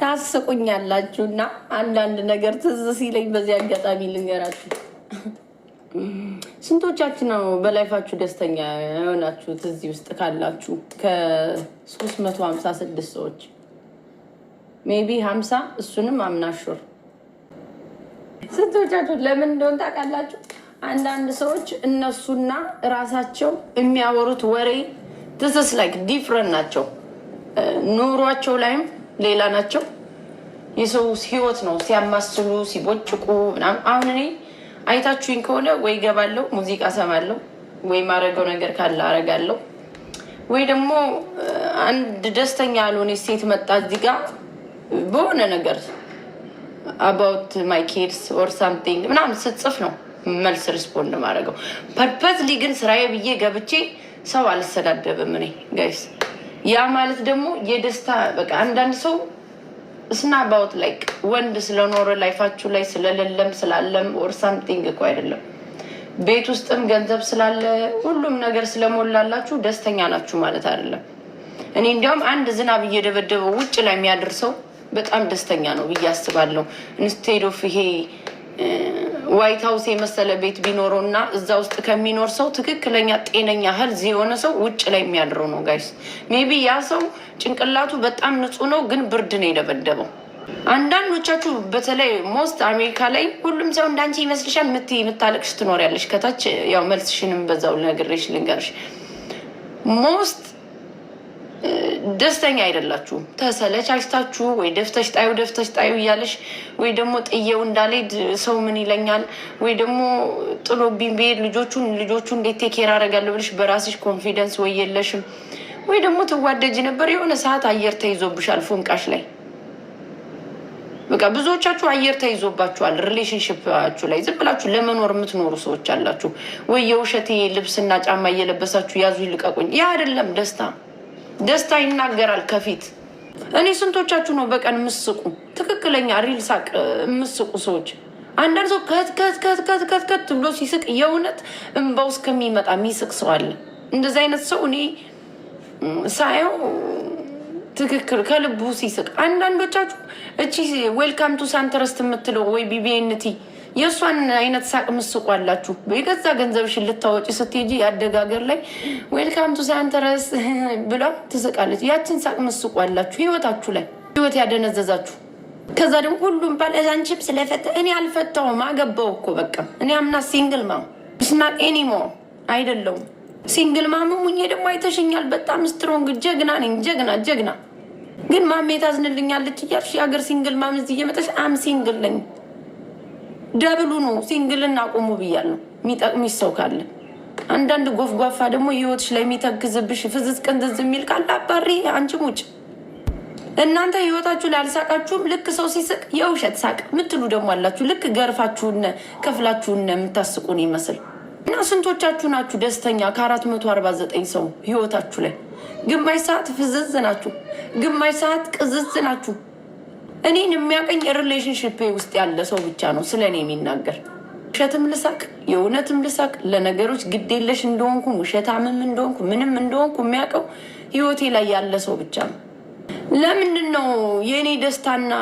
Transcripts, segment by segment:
ታስቁኛላችሁ እና አንዳንድ ነገር ትዝ ሲለኝ በዚህ አጋጣሚ ልንገራችሁ። ስንቶቻችን ነው በላይፋችሁ ደስተኛ የሆናችሁት? እዚህ ውስጥ ካላችሁ ከ356 ሰዎች ሜቢ 50 እሱንም አምናሹር ስንቶቻችሁ ለምን እንደሆን ታውቃላችሁ? አንዳንድ ሰዎች እነሱና ራሳቸው የሚያወሩት ወሬ ትስስ ላይክ ዲፍረን ናቸው። ኑሯቸው ላይም ሌላ ናቸው። የሰው ህይወት ነው ሲያማስሉ ሲቦጭቁ ምናምን። አሁን እኔ አይታችሁኝ ከሆነ ወይ ገባለሁ ሙዚቃ ሰማለሁ፣ ወይ ማድረገው ነገር ካለ አረጋለው ወይ ደግሞ አንድ ደስተኛ ያልሆነ ሴት መጣ እዚህ በሆነ ነገር አባውት ማይ ኬድስ ኦር ሳምቲንግ ምናምን ስትጽፍ ነው መልስ ሪስፖንድ ማድረገው ፐርፐዝሊ ግን ስራዬ ብዬ ገብቼ ሰው አልሰዳደብም እኔ ጋይስ። ያ ማለት ደግሞ የደስታ በቃ አንዳንድ ሰው እስና አባውት ላይክ ወንድ ስለኖረ ላይፋችሁ ላይ ስለሌለም ስላለም ኦር ሳምቲንግ እኮ አይደለም። ቤት ውስጥም ገንዘብ ስላለ ሁሉም ነገር ስለሞላላችሁ ደስተኛ ናችሁ ማለት አይደለም። እኔ እንዲያውም አንድ ዝናብ እየደበደበው ውጭ ላይ የሚያደርሰው በጣም ደስተኛ ነው ብዬ አስባለሁ። ኢንስቴድ ኦፍ ይሄ ዋይት ሀውስ የመሰለ ቤት ቢኖረው እና እዛ ውስጥ ከሚኖር ሰው ትክክለኛ ጤነኛ ህልዝ የሆነ ሰው ውጭ ላይ የሚያድረው ነው። ጋይስ ሜቢ ያ ሰው ጭንቅላቱ በጣም ንጹህ ነው፣ ግን ብርድ ነው የደበደበው። አንዳንዶቻችሁ በተለይ ሞስት አሜሪካ ላይ ሁሉም ሰው እንዳንቺ ይመስልሻል ምት የምታለቅሽ ትኖሪያለሽ። ከታች ያው መልስሽንም በዛው ነግሬሽ ልንገርሽ ሞስት ደስተኛ አይደላችሁም። ተሰለቻችታችሁ ወይ ደፍተሽ ጣዩ ደፍተሽ ጣዩ እያለሽ ወይ ደግሞ ጥየው እንዳልሄድ ሰው ምን ይለኛል፣ ወይ ደግሞ ጥሎብኝ ብሄድ ልጆቹን ልጆቹ እንዴት ቴኬር አደርጋለሁ ብለሽ በራስሽ ኮንፊደንስ ወይ የለሽም፣ ወይ ደግሞ ትዋደጅ ነበር የሆነ ሰዓት አየር ተይዞብሻል ፎንቃሽ ላይ በቃ ብዙዎቻችሁ አየር ተይዞባችኋል። ሪሌሽንሽፓችሁ ላይ ዝም ብላችሁ ለመኖር የምትኖሩ ሰዎች አላችሁ ወይ የውሸቴ ልብስና ጫማ እየለበሳችሁ ያዙ ይልቀቁኝ። ያ አይደለም ደስታ ደስታ ይናገራል ከፊት። እኔ ስንቶቻችሁ ነው በቀን ምስቁ? ትክክለኛ ሪል ሳቅ ምስቁ ሰዎች። አንዳንድ ሰው ከትከትከትከትከት ብሎ ሲስቅ የእውነት እንባው እስከሚመጣ የሚስቅ ሰው አለ። እንደዚህ አይነት ሰው እኔ ሳየው ትክክል ከልቡ ሲስቅ። አንዳንዶቻችሁ እቺ ዌልካም ቱ ሳንተረስት የምትለው ወይ ቢቢኤንቲ የእሷን አይነት ሳቅ ምስቁ አላችሁ። የገዛ ገንዘብሽን ልታወጪ ስትሄጂ አደጋገር ላይ ዌልካም ቱ ሳንተረስ ብላ ትስቃለች። ያችን ሳቅ ምስቁ አላችሁ ህይወታችሁ ላይ ህይወት ያደነዘዛችሁ። ከዛ ደግሞ ሁሉም ባል አንቺም ስለፈተ እኔ አልፈታውም አገባው እኮ በቃ እኔ አምና ሲንግል ማም ስና ኤኒሞ አይደለውም ሲንግል ማም ሙኜ ደግሞ አይተሽኛል። በጣም ስትሮንግ ጀግና ነኝ ጀግና ጀግና ግን ማሜ ታዝንልኛለች እያልሽ የአገር ሲንግል ማም እዚህ እየመጣሽ አም ሲንግል ነኝ ደብሉ ነው። ሲንግልና አቁሙ ብያለሁ። የሚጠቅምሽ ሰው ካለ አንዳንድ ጎፍጓፋ ደግሞ ህይወትሽ ላይ የሚተክዝብሽ ፍዝዝ ቅንዝዝ የሚል ቃል አባሪ አንቺም ውጭ እናንተ ህይወታችሁ ላይ አልሳቃችሁም። ልክ ሰው ሲስቅ የውሸት ሳቅ ምትሉ ደግሞ አላችሁ። ልክ ገርፋችሁነ ከፍላችሁነ የምታስቁን ይመስል እና ስንቶቻችሁ ናችሁ ደስተኛ ከ449 ሰው ህይወታችሁ ላይ? ግማሽ ሰዓት ፍዝዝ ናችሁ፣ ግማሽ ሰዓት ቅዝዝ ናችሁ። እኔን የሚያቀኝ ሪሌሽንሽፕ ውስጥ ያለ ሰው ብቻ ነው ስለ እኔ የሚናገር። ውሸትም ልሳቅ የእውነትም ልሳቅ ለነገሮች ግዴለሽ እንደሆንኩ ውሸታምም እንደሆንኩ ምንም እንደሆንኩ የሚያውቀው ህይወቴ ላይ ያለ ሰው ብቻ ነው። ለምንድን ነው የእኔ ደስታና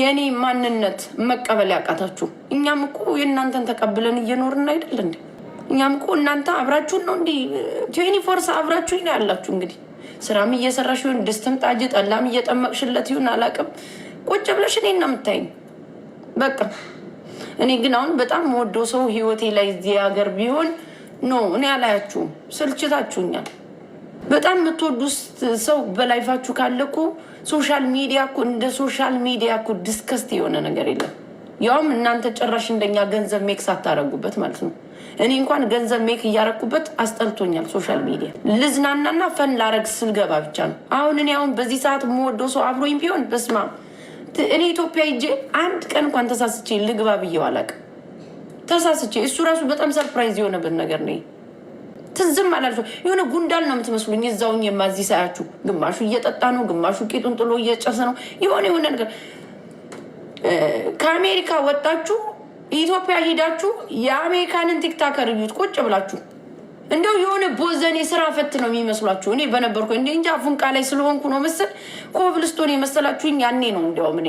የእኔ ማንነት መቀበል ያቃታችሁ? እኛም እኮ የእናንተን ተቀብለን እየኖርን አይደል እንዴ? እኛም እኮ እናንተ አብራችሁን ነው እንዲ ቴኒ ፎርስ ነው ያላችሁ እንግዲህ ስራም እየሰራሽ ይሁን ድስትም ጣጅ ጠላም እየጠመቅሽለት ይሁን አላቅም፣ ቁጭ ብለሽ እኔን ነው የምታይኝ። በቃ እኔ ግን አሁን በጣም ወዶ ሰው ህይወቴ ላይ እዚህ ሀገር ቢሆን ኖ እኔ አላያችሁም፣ ስልችታችሁኛል። በጣም የምትወዱ ሰው በላይፋችሁ ካለ እኮ ሶሻል ሚዲያ እኮ እንደ ሶሻል ሚዲያ እኮ ዲስከስት የሆነ ነገር የለም። ያውም እናንተ ጭራሽ እንደኛ ገንዘብ ሜክስ አታደርጉበት ማለት ነው። እኔ እንኳን ገንዘብ ሜክ እያረኩበት አስጠልቶኛል። ሶሻል ሚዲያ ልዝናናና ፈን ላረግ ስልገባ ብቻ ነው። አሁን እኔ አሁን በዚህ ሰዓት የምወደው ሰው አብሮኝ ቢሆን በስማ እኔ ኢትዮጵያ ሂጄ አንድ ቀን እንኳን ተሳስቼ ልግባ ብዬው አላቅ ተሳስቼ እሱ ራሱ በጣም ሰርፕራይዝ የሆነበት ነገር ነ ትዝም አላልሽው የሆነ ጉንዳን ነው የምትመስሉኝ። እዛውኝ የማዚ ሳያችሁ ግማሹ እየጠጣ ነው፣ ግማሹ ቂጡን ጥሎ እየጨሰ ነው። የሆነ የሆነ ነገር ከአሜሪካ ወጣችሁ ኢትዮጵያ ሄዳችሁ የአሜሪካንን ቲክታከር እዩት ቁጭ ብላችሁ። እንደው የሆነ ቦዘኔ የስራ ፈት ነው የሚመስሏችሁ። እኔ በነበርኩ እንደ እንጃ አፉንቃ ላይ ስለሆንኩ ነው መሰል ኮብልስቶን የመሰላችሁኝ ያኔ ነው። እንዲያውም እኔ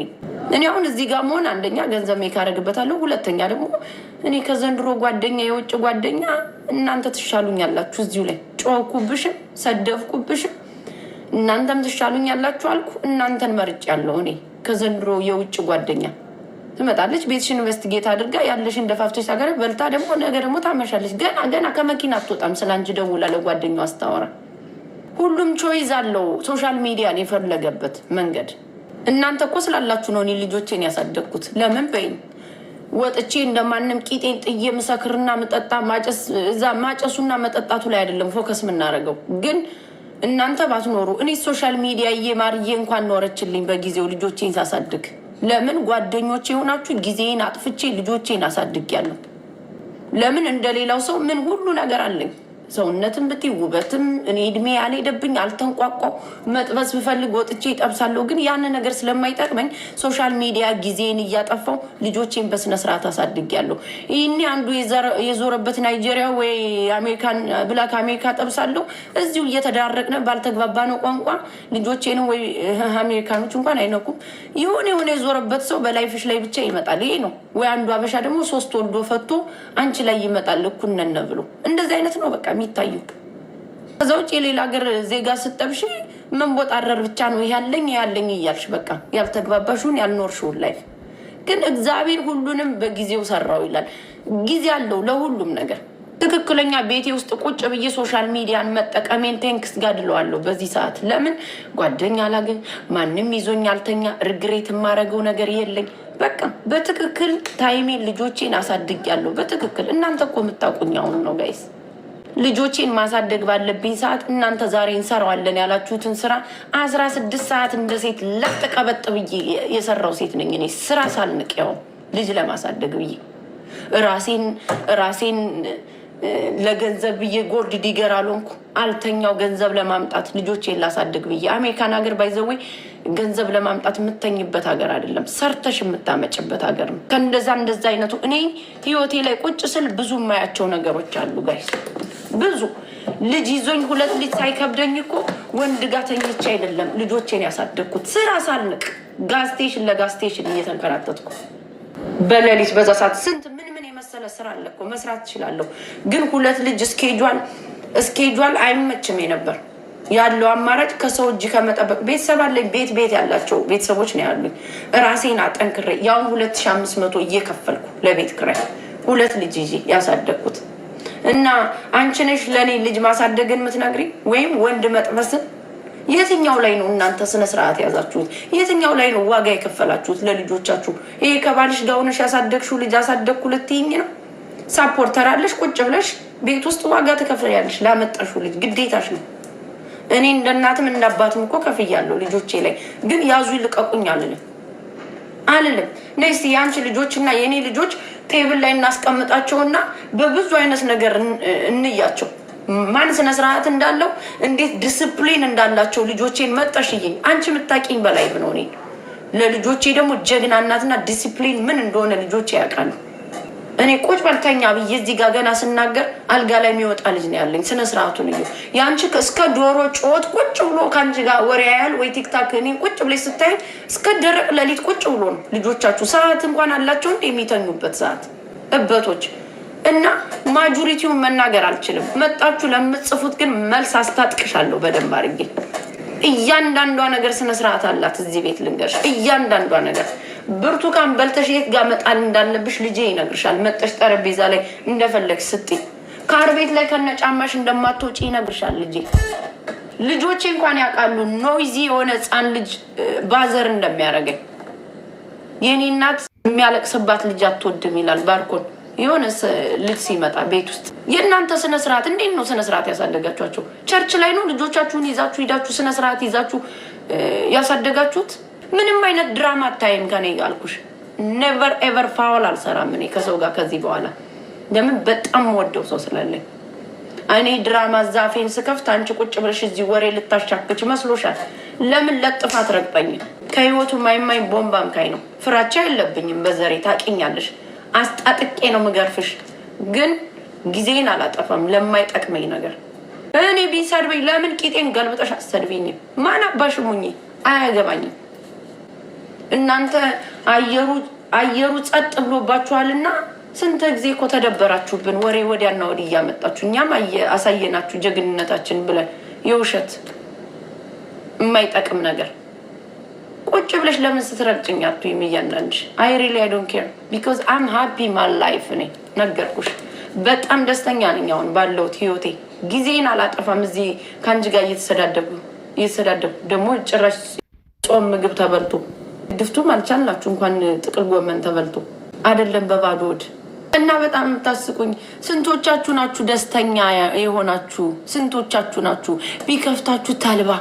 እኔ አሁን እዚህ ጋር መሆን አንደኛ ገንዘብ ሜክ አደርግበታለሁ፣ ሁለተኛ ደግሞ እኔ ከዘንድሮ ጓደኛ የውጭ ጓደኛ እናንተ ትሻሉኝ ያላችሁ እዚሁ ላይ ጮኩብሽም ሰደፍኩብሽም እናንተም ትሻሉኝ ያላችሁ አልኩ። እናንተን መርጭ ያለው እኔ ከዘንድሮ የውጭ ጓደኛ ትመጣለች ቤትሽን ኢንቨስቲጌት አድርጋ ያለሽን ደፋፍተሽ ሀገር በልታ ደግሞ ነገ ደግሞ ታመሻለች። ገና ገና ከመኪና አትወጣም። ስለ አንቺ ደውላ ለጓደኛው አስታወራ። ሁሉም ቾይዝ አለው። ሶሻል ሚዲያን የፈለገበት መንገድ እናንተ እኮ ስላላችሁ ነው እኔ ልጆቼን ያሳደግኩት። ለምን በይኝ ወጥቼ እንደማንም ቂጤን ጥዬ ምሰክርና ምጠጣ እዛ ማጨሱና መጠጣቱ ላይ አይደለም ፎከስ የምናደርገው ግን እናንተ ባትኖሩ እኔ ሶሻል ሚዲያ እየማርዬ እንኳን ኖረችልኝ በጊዜው ልጆቼን ሳሳድግ ለምን ጓደኞቼ የሆናችሁ ጊዜን አጥፍቼ ልጆቼን አሳድጊያለሁ? ለምን እንደሌላው ሰው ምን ሁሉ ነገር አለኝ ሰውነትም ብት ውበትም እኔ እድሜ ያልሄደብኝ አልተንቋቋው መጥበስ ብፈልግ ወጥቼ ይጠብሳለሁ። ግን ያን ነገር ስለማይጠቅመኝ ሶሻል ሚዲያ ጊዜን እያጠፋው ልጆቼን በስነስርዓት አሳድጊያለሁ። ይህኔ አንዱ የዞረበት ናይጄሪያ ወይ አሜሪካን ብላክ አሜሪካ ጠብሳለሁ። እዚሁ እየተዳረቅነ ባልተግባባ ነው ቋንቋ ልጆቼን ወይ አሜሪካኖች እንኳን አይነኩም። የሆነ የሆነ የዞረበት ሰው በላይፍሽ ላይ ብቻ ይመጣል። ይሄ ነው ወይ አንዱ አበሻ ደግሞ ሶስት ወልዶ ፈቶ አንቺ ላይ ይመጣል። እኩነነ ብሎ እንደዚህ አይነት ነው በቃ የሚታየው። ከዛ ውጭ የሌላ ሀገር ዜጋ ስጠብሽ መንቦጣረር ብቻ ነው ያለኝ ያለኝ እያልሽ በቃ ያልተግባባሽውን ያልኖርሽውን ላይ ግን እግዚአብሔር ሁሉንም በጊዜው ሰራው ይላል። ጊዜ አለው ለሁሉም ነገር። ትክክለኛ ቤቴ ውስጥ ቁጭ ብዬ ሶሻል ሚዲያን መጠቀሜን ቴንክስ ጋድለዋለሁ። በዚህ ሰዓት ለምን ጓደኛ አላገኝ፣ ማንም ይዞኝ አልተኛ፣ ርግሬት የማረገው ነገር የለኝ። በቃ በትክክል ታይሜን ልጆቼን አሳድግ ያለው በትክክል እናንተ እኮ የምታውቁኝ አሁኑ ነው ጋይስ ልጆቼን ማሳደግ ባለብኝ ሰዓት እናንተ ዛሬ እንሰራዋለን ያላችሁትን ስራ አስራ ስድስት ሰዓት እንደ ሴት ለጥቃ ብዬ የሰራው ሴት ነኝ እኔ ስራ ሳልንቅ ያው ልጅ ለማሳደግ ብዬ ራሴን ራሴን ለገንዘብ ብዬ ጎልድ ዲገር አልሆንኩ። አልተኛው ገንዘብ ለማምጣት ልጆቼን ላሳድግ ብዬ አሜሪካን ሀገር ባይዘዌ ገንዘብ ለማምጣት የምተኝበት ሀገር አይደለም፣ ሰርተሽ የምታመጭበት ሀገር ነው። ከእንደዛ እንደዛ አይነቱ እኔ ህይወቴ ላይ ቁጭ ስል ብዙ የማያቸው ነገሮች አሉ ጋይስ ብዙ ልጅ ይዞኝ ሁለት ልጅ ሳይከብደኝ እኮ ወንድ ጋር ተኝቼ አይደለም ልጆቼን ያሳደግኩት። ስራ ሳልንቅ ጋዝ ስቴሽን እየተንከራተትኩ በሌሊት በዛ ሰዓት ስንት ምን ምን የመሰለ ስራ አለ እኮ መስራት እችላለሁ። ግን ሁለት ልጅ እስኬጇል እስኬጇል አይመችም ነበር ያለው አማራጭ ከሰው እጅ ከመጠበቅ ቤተሰብ አለኝ። ቤት ቤት ያላቸው ቤተሰቦች ነው ያሉኝ። ራሴን አጠንክሬ ያሁን ሁለት ሺ አምስት መቶ እየከፈልኩ ለቤት ክራይ ሁለት ልጅ ይዤ ያሳደግኩት እና አንቺ ነሽ ለእኔ ልጅ ማሳደግን የምትነግሪኝ ወይም ወንድ መጥበስን የትኛው ላይ ነው እናንተ ስነ ስርዓት ያዛችሁት? የትኛው ላይ ነው ዋጋ የከፈላችሁት ለልጆቻችሁ? ይሄ ከባልሽ ጋር ሆነሽ ያሳደግሽው ልጅ አሳደግኩ ልትይኝ ነው? ሳፖርተር አለሽ፣ ቁጭ ብለሽ ቤት ውስጥ ዋጋ ትከፍያለሽ ላመጣሽው ልጅ፣ ግዴታሽ ነው። እኔ እንደ እናትም እንደ አባትም እኮ ከፍያለሁ ልጆቼ ላይ። ግን ያዙ ይልቀቁኝ አልልም። አልልም። እንደ እስኪ የአንቺ ልጆች እና የእኔ ልጆች ቴብል ላይ እናስቀምጣቸውና በብዙ አይነት ነገር እንያቸው። ማን ስነ ስርዓት እንዳለው እንዴት ዲስፕሊን እንዳላቸው ልጆቼን መጠሽይኝ አንቺ ምታቂኝ በላይ ብነው እኔ ለልጆቼ ደግሞ ጀግና እናትና ዲስፕሊን ምን እንደሆነ ልጆቼ ያውቃሉ። እኔ ቁጭ በልተኛ ብዬ እዚህ ጋር ገና ስናገር አልጋ ላይ የሚወጣ ልጅ ነው ያለኝ። ስነ ስርዓቱን እዩ። የአንቺ እስከ ዶሮ ጩኸት ቁጭ ብሎ ከአንቺ ጋር ወሬ ያያል ወይ ቲክታክ እኔ ቁጭ ብለሽ ስታይ እስከ ደረቅ ሌሊት ቁጭ ብሎ ነው። ልጆቻችሁ ሰዓት እንኳን አላቸው እንደ የሚተኙበት ሰዓት እበቶች እና ማጆሪቲውን መናገር አልችልም። መጣችሁ ለምትጽፉት ግን መልስ አስታጥቅሻለሁ በደንብ አድርጌ። እያንዳንዷ ነገር ስነስርዓት አላት እዚህ ቤት ልንገርሽ፣ እያንዳንዷ ነገር ብርቱካን በልተሽ የት ጋር መጣል እንዳለብሽ ልጄ ይነግርሻል። መጠሽ ጠረጴዛ ላይ እንደፈለግ ስጢ ካር ቤት ላይ ከነጫማሽ እንደማትወጪ ይነግርሻል ልጄ። ልጆቼ እንኳን ያውቃሉ ኖይዚ የሆነ ህፃን ልጅ ባዘር እንደሚያደርገኝ። የኔ እናት የሚያለቅስባት ልጅ አትወድም ይላል ባርኮን የሆነ ልጅ ሲመጣ ቤት ውስጥ የእናንተ ስነስርዓት እንዴት ነው? ስነስርዓት ያሳደጋችኋቸው ቸርች ላይ ነው? ልጆቻችሁን ይዛችሁ ሂዳችሁ ስነስርዓት ይዛችሁ ያሳደጋችሁት? ምንም አይነት ድራማ አታይም ከኔ ያልኩሽ። ኔቨር ኤቨር ፋውል አልሰራም እኔ ከሰው ጋር ከዚህ በኋላ ለምን በጣም ወደው ሰው ስላለኝ እኔ ድራማ ዛፌን ስከፍት አንቺ ቁጭ ብለሽ እዚህ ወሬ ልታሻክች መስሎሻል? ለምን ለጥፋት ረግጠኝ ከህይወቱ ማይማይ ቦምባም ካይ ነው። ፍራቻ የለብኝም በዘሬ ታቂኛለሽ። አስጣጥቄ ነው ምገርፍሽ፣ ግን ጊዜን አላጠፋም ለማይጠቅመኝ ነገር። እኔ ቢሰድበኝ ለምን ቂጤን ገልብጠሽ አሰድብኝ ማን አባሽ አያገባኝም። እናንተ አየሩ አየሩ ጸጥ ብሎባችኋልና ስንት ጊዜ እኮ ተደበራችሁብን። ወሬ ወዲያና ወዲህ እያመጣችሁ እኛም አሳየናችሁ ጀግንነታችን ብለን የውሸት የማይጠቅም ነገር ቁጭ ብለሽ ለምን ስትረግጭኛቱ አትይም? አይ ሪሊ አይ ዶንት ኬር ቢኮዝ አም ሃፒ ማይ ላይፍ። እኔ ነገርኩሽ በጣም ደስተኛ ነኝ አሁን ባለሁት ህይወቴ። ጊዜን አላጠፋም እዚህ ከአንቺ ጋር እየተሰዳደቡ እየተሰዳደቡ ደግሞ ጭራሽ ጾም ምግብ ተበልቶ ድፍቱም አልቻልናችሁ እንኳን ጥቅል ጎመን ተበልቶ አይደለም በባዶ ወድ እና በጣም የምታስቁኝ ስንቶቻችሁ ናችሁ ደስተኛ የሆናችሁ? ስንቶቻችሁ ናችሁ ቢከፍታችሁ ተልባ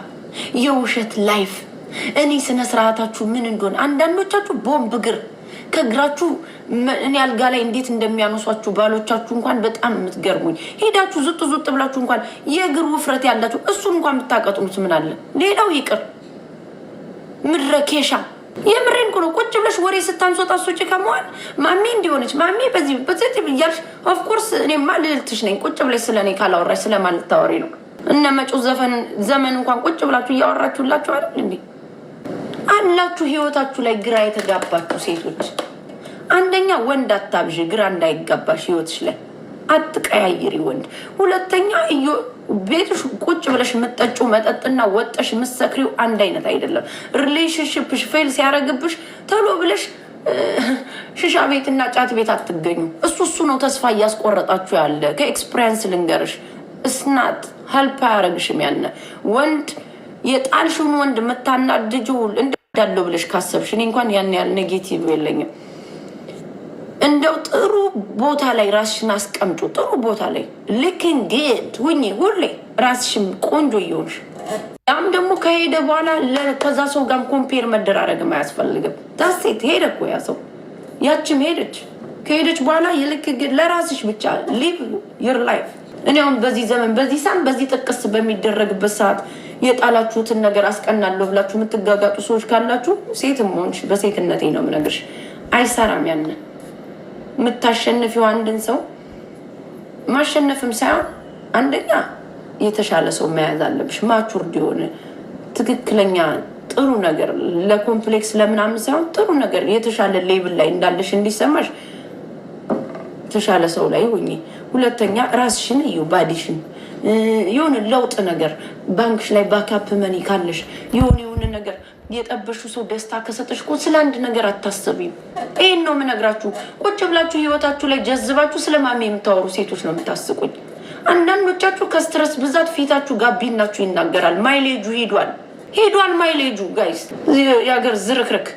የውሸት ላይፍ? እኔ ስነ ስርዓታችሁ ምን እንደሆነ አንዳንዶቻችሁ ቦምብ እግር ከእግራችሁ እኔ አልጋ ላይ እንዴት እንደሚያነሷችሁ ባሎቻችሁ እንኳን በጣም የምትገርሙኝ። ሄዳችሁ ዝጥ ዝጥ ብላችሁ እንኳን የእግር ውፍረት ያላችሁ እሱን እንኳን የምታቀጥኑት ምን አለ? ሌላው ይቅር ምድረ ኬሻ የምሬን እኮ ነው። ቁጭ ብለሽ ወሬ ስታንሶጣ ሶጭ ከመዋል ማሜ እንዲሆነች ማሜ በዚህ በዚህ እያልሽ ኦፍኮርስ እኔማ ልልትሽ ነኝ። ቁጭ ብለሽ ስለእኔ ካላወራሽ ስለማልታወሪ ነው። እነ መጪው ዘፈን ዘመን እንኳን ቁጭ ብላችሁ እያወራችሁላችሁ አይደል እንዴ አላችሁ። ህይወታችሁ ላይ ግራ የተጋባችሁ ሴቶች፣ አንደኛ ወንድ አታብዥ፣ ግራ እንዳይጋባሽ ህይወትሽ ላይ አትቀያይሪ ወንድ። ሁለተኛ ቤትሽ ቁጭ ብለሽ የምጠጩ መጠጥና ወጠሽ የምትሰክሪው አንድ አይነት አይደለም። ሪሌሽንሽፕሽ ፌል ሲያደርግብሽ ተሎ ብለሽ ሽሻ ቤትና ጫት ቤት አትገኙ። እሱ እሱ ነው ተስፋ እያስቆረጣችሁ ያለ። ከኤክስፒሪየንስ ልንገርሽ፣ እስናት ሀልፕ አያረግሽም። ያነ ወንድ የጣልሽውን ወንድ የምታናድጅው እንዳለው ብለሽ ካሰብሽ እኔ እንኳን ያን ያህል ኔጌቲቭ የለኝም። እንደው ጥሩ ቦታ ላይ ራስሽን አስቀምጡ። ጥሩ ቦታ ላይ ልክን ግድ ሁኝ ሁሌ ራስሽን ቆንጆ እየሆንሽ ያም ደግሞ ከሄደ በኋላ ከዛ ሰው ጋር ኮምፔር መደራረግም አያስፈልግም። ታሴት ሄደ እኮ ያ ሰው ያችም ሄደች። ከሄደች በኋላ የልክ ግድ ለራስሽ ብቻ ሊቭ ዩር ላይፍ። እኔውም በዚህ ዘመን በዚህ ሳን በዚህ ጥቅስ በሚደረግበት ሰዓት የጣላችሁትን ነገር አስቀናለሁ ብላችሁ የምትጋጋጡ ሰዎች ካላችሁ ሴትም ሆንሽ በሴትነቴ ነው የምነግርሽ አይሰራም ያንን የምታሸንፊው አንድን ሰው ማሸነፍም ሳይሆን አንደኛ የተሻለ ሰው መያዝ አለብሽ። ማቹርድ የሆነ ትክክለኛ ጥሩ ነገር ለኮምፕሌክስ ለምናምን ሳይሆን ጥሩ ነገር የተሻለ ሌብል ላይ እንዳለሽ እንዲሰማሽ የተሻለ ሰው ላይ ሆኜ። ሁለተኛ ራስሽን እዩ፣ ባዲሽን የሆነ ለውጥ ነገር ባንክሽ ላይ ባካፕ መኒ ካለሽ የሆነ የሆነ ነገር የጠበሹ ሰው ደስታ ከሰጠሽ እኮ ስለ አንድ ነገር አታስቢም። ይህን ነው የምነግራችሁ። ቁጭ ብላችሁ ህይወታችሁ ላይ ጀዝባችሁ ማሜ የምታወሩ ሴቶች ነው የምታስቁኝ። አንዳንዶቻችሁ ከስትረስ ብዛት ፊታችሁ ጋቢናችሁ ይናገራል። ማይሌጁ ሄዷል ሄዷል። ማይሌጁ ጋይስ የሀገር ዝርክርክ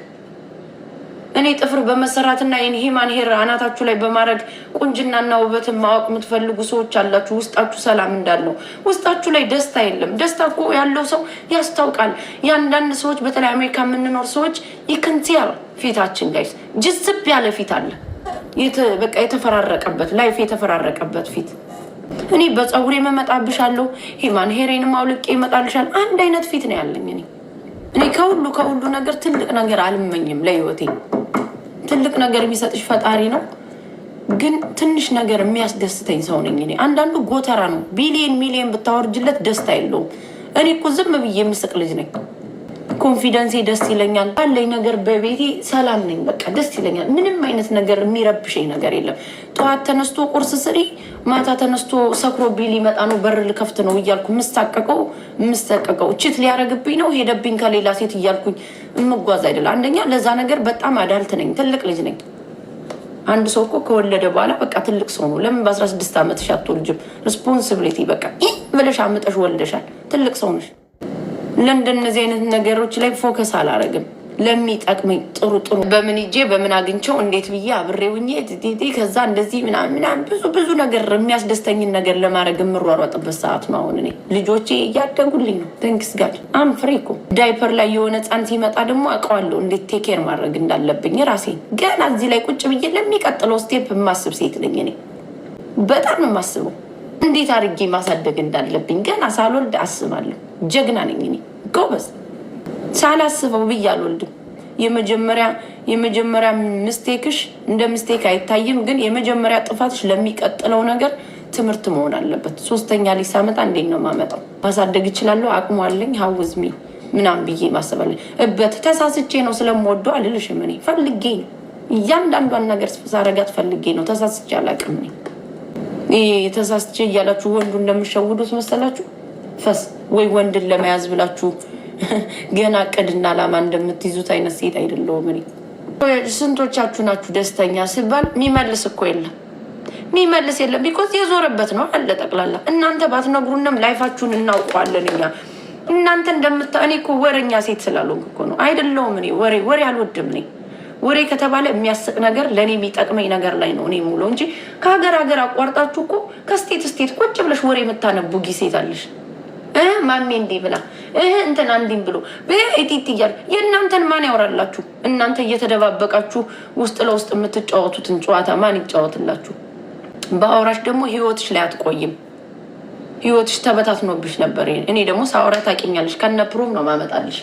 እኔ ጥፍር በመሰራትና ኢንሂማን ሄር አናታችሁ ላይ በማድረግ ቁንጅናና ውበትን ማወቅ የምትፈልጉ ሰዎች አላችሁ። ውስጣችሁ ሰላም እንዳለው ውስጣችሁ ላይ ደስታ የለም። ደስታ እኮ ያለው ሰው ያስታውቃል። የአንዳንድ ሰዎች በተለይ አሜሪካ የምንኖር ሰዎች ይክንቲያር ፊታችን ላይ ጅስብ ያለ ፊት አለ። በቃ የተፈራረቀበት ላይፍ የተፈራረቀበት ፊት እኔ በፀጉሬ መመጣብሻለሁ፣ ሄማን ሄሬንም አውልቄ ይመጣልሻል። አንድ አይነት ፊት ነው ያለኝ እኔ እኔ ከሁሉ ከሁሉ ነገር ትልቅ ነገር አልመኝም ለህይወቴ። ትልቅ ነገር የሚሰጥሽ ፈጣሪ ነው። ግን ትንሽ ነገር የሚያስደስተኝ ሰው ነኝ እኔ። አንዳንዱ ጎተራ ነው። ቢሊየን ሚሊየን ብታወርጅለት ደስታ የለውም። እኔ እኮ ዝም ብዬ የምስቅ ልጅ ነኝ። ኮንፊደንሴ ደስ ይለኛል። ባለኝ ነገር በቤቴ ሰላም ነኝ። በቃ ደስ ይለኛል። ምንም አይነት ነገር የሚረብሸኝ ነገር የለም። ጠዋት ተነስቶ ቁርስ ስሪ፣ ማታ ተነስቶ ሰክሮ ቢ ሊመጣ ነው በር ልከፍት ነው እያልኩ ምስታቀቀው ምስጠቀቀው እችት ሊያረግብኝ ነው ሄደብኝ ከሌላ ሴት እያልኩኝ የምጓዝ አይደለም። አንደኛ ለዛ ነገር በጣም አዳልት ነኝ፣ ትልቅ ልጅ ነኝ። አንድ ሰው እኮ ከወለደ በኋላ በቃ ትልቅ ሰው ነው። ለምን በ16 ዓመት ልጅም ሪስፖንሲቢሊቲ በቃ ብለሽ አምጠሽ ወልደሻል። ትልቅ ሰው ነሽ። ለእንደነዚህ አይነት ነገሮች ላይ ፎከስ አላረግም። ለሚጠቅመኝ ጥሩ ጥሩ በምን ሄጄ በምን አግኝቸው እንዴት ብዬ አብሬ ውኜ ከዛ እንደዚህ ምናምን ብዙ ብዙ ነገር የሚያስደስተኝን ነገር ለማድረግ የምሯሯጥበት ሰዓት ነው። አሁን እኔ ልጆቼ እያደጉልኝ ነው። ተንክስ ጋድ አም ፍሪ እኮ ዳይፐር ላይ የሆነ ህፃን ሲመጣ ደግሞ አውቀዋለሁ እንዴት ቴኬር ማድረግ እንዳለብኝ ራሴ ገና እዚህ ላይ ቁጭ ብዬ ለሚቀጥለው ስቴፕ የማስብ ሴት ነኝ እኔ በጣም የማስበው እንዴት አድርጌ ማሳደግ እንዳለብኝ ገና ሳልወልድ አስባለሁ። ጀግና ነኝ እኔ ጎበዝ ሳላስበው ብዬ አልወልድም። የመጀመሪያ የመጀመሪያ ምስቴክሽ እንደ ምስቴክ አይታይም፣ ግን የመጀመሪያ ጥፋትሽ ለሚቀጥለው ነገር ትምህርት መሆን አለበት። ሶስተኛ ልጅ ሳመጣ እንዴት ነው ማመጣው? ማሳደግ እችላለሁ፣ አቅሙ አለኝ፣ ሀውዝሚ ምናምን ብዬ ማሰባለ እበት ተሳስቼ ነው ስለምወደው አልልሽ። ምን ፈልጌ ነው እያንዳንዷን ነገር ሳረጋት ፈልጌ ነው። ተሳስቼ አላቅም። ተሳስቼ እያላችሁ ወንዱ እንደምሸውዱት መሰላችሁ ፈስ ወይ ወንድን ለመያዝ ብላችሁ ገና እቅድና አላማ እንደምትይዙት አይነት ሴት አይደለሁም እኔ። ስንቶቻችሁ ናችሁ ደስተኛ ሲባል የሚመልስ እኮ የለም የሚመልስ የለም። ቢኮዝ የዞረበት ነው አለ ጠቅላላ። እናንተ ባትነግሩንም ላይፋችሁን እናውቀዋለን እኛ እናንተ እንደምታ እኔ እኮ ወረኛ ሴት ስላልሆንኩ እኮ ነው አይደለሁም። እኔ ወሬ ወሬ አልወድም ነኝ ወሬ ከተባለ የሚያስቅ ነገር ለእኔ የሚጠቅመኝ ነገር ላይ ነው እኔ ሙሉ እንጂ ከሀገር ሀገር አቋርጣችሁ እኮ ከስቴት ስቴት ቁጭ ብለሽ ወሬ የምታነቡ ጊዜ ሴት አለሽ። ማሜ እንዲህ ብላ እህ እንትን አንዲም ብሎ ቲት እያል የእናንተን ማን ያወራላችሁ? እናንተ እየተደባበቃችሁ ውስጥ ለውስጥ የምትጫወቱትን ጨዋታ ማን ይጫወትላችሁ? በአውራሽ ደግሞ ህይወትሽ ላይ አትቆይም። ህይወትሽ ተበታትኖብሽ ነበር። እኔ ደግሞ ሳውራ ታውቂኛለሽ። ከነ ፕሮም ነው ማመጣልሽ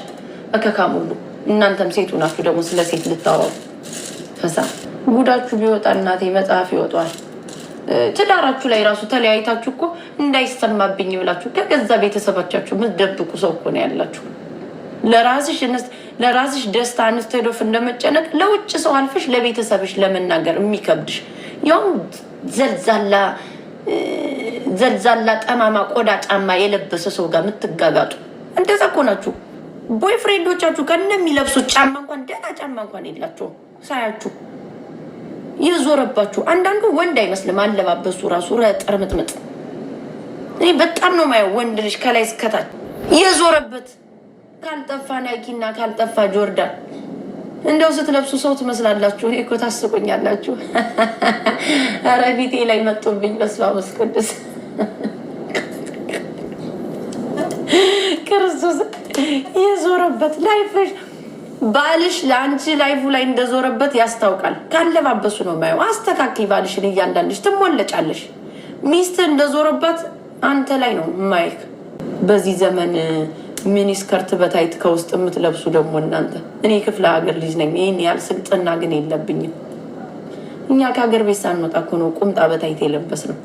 እከካም ሁሉ እናንተም ሴቱ ናችሁ ደግሞ ስለ ሴት ልታወሩ ፈሳ ጉዳችሁ ቢወጣ እናቴ መጽሐፍ ይወጧል። ትዳራችሁ ላይ ራሱ ተለያይታችሁ እኮ እንዳይሰማብኝ ብላችሁ ከገዛ ቤተሰባቻችሁ ምትደብቁ ሰው እኮ ነው ያላችሁ። ለራስሽ ለራስሽ ደስታ አንስቴዶፍ እንደመጨነቅ ለውጭ ሰው አልፈሽ ለቤተሰብሽ ለመናገር የሚከብድሽ ያውም ዘልዛላ ዘልዛላ ጠማማ ቆዳ ጫማ የለበሰ ሰው ጋር የምትጋጋጡ እንደዛ እኮ ናችሁ። ቦይፍሬንዶቻችሁ ከነሚለብሱት ጫማ እንኳን ደህና ጫማ እንኳን የላቸውም ሳያችሁ የዞረባችሁ አንዳንዱ ወንድ አይመስልም አለባበሱ ራሱ ረጠርምጥምጥ። እኔ በጣም ነው ማየው ወንድ ልጅ ከላይ እስከታች የዞረበት። ካልጠፋ ናይኪና ካልጠፋ ጆርዳን እንደው ስትለብሱ ሰው ትመስላላችሁ። እኔ እኮ ታስቆኛላችሁ። ኧረ ፊቴ ላይ መጡብኝ። በስመ አብ ቅዱስ ክርስቶስ የዞረበት ላይፍሽ ባልሽ ለአንቺ ላይፉ ላይ እንደዞረበት ያስታውቃል። ካለባበሱ ነው የማየው። አስተካኪ ባልሽን፣ እያንዳንድሽ ትሞለጫለሽ። ሚስት እንደዞረበት አንተ ላይ ነው ማይክ። በዚህ ዘመን ሚኒስከርት በታይት ከውስጥ የምትለብሱ ደግሞ እናንተ። እኔ ክፍለ ሀገር ልጅ ነኝ፣ ይህን ያህል ስልጥና ግን የለብኝም። እኛ ከሀገር ቤት ሳንወጣ እኮ ነው ቁምጣ በታይት የለበስ ነው።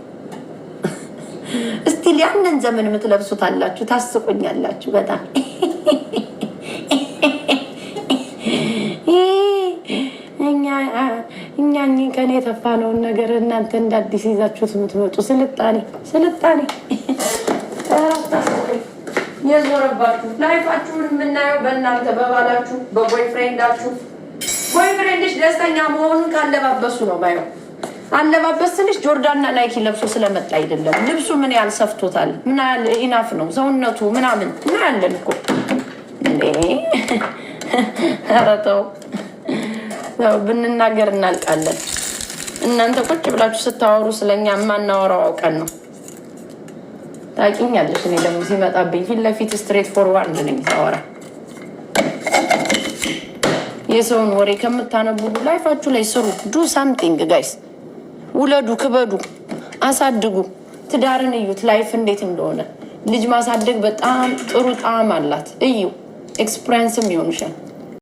እስቲ ያንን ዘመን የምትለብሱት አላችሁ፣ ታስቁኛላችሁ በጣም ያኝ ከኔ የተፋነውን ነገር እናንተ እንደ አዲስ ይዛችሁት የምትመጡ ስልጣኔ ስልጣኔ የዞረባችሁ ላይፋችሁን የምናየው በእናንተ በባላችሁ በቦይፍሬንዳችሁ። ቦይፍሬንድሽ ደስተኛ መሆኑን ካለባበሱ ነው ባየው። አለባበስ ትንሽ ጆርዳንና ናይኪ ለብሶ ስለመጣ አይደለም። ልብሱ ምን ያህል ሰፍቶታል፣ ምን ያህል ኢናፍ ነው ሰውነቱ ምናምን እና ያለን እኮ ኧረ ተው ብንናገር እናልቃለን። እናንተ ቁጭ ብላችሁ ስታወሩ ስለኛ የማናወራው አውቀን ነው። ታውቂኛለሽ። እኔ ደግሞ ሲመጣብኝ ፊት ለፊት ስትሬት ፎርዋርድ ነኝ ሳወራ። የሰውን ወሬ ከምታነብቡ ላይፋችሁ ላይ ስሩ። ዱ ሳምቲንግ ጋይስ። ውለዱ፣ ክበዱ፣ አሳድጉ፣ ትዳርን እዩት፣ ላይፍ እንዴት እንደሆነ ልጅ ማሳደግ በጣም ጥሩ ጣዕም አላት። እዩ፣ ኤክስፕሪንስም ይሆንሻል።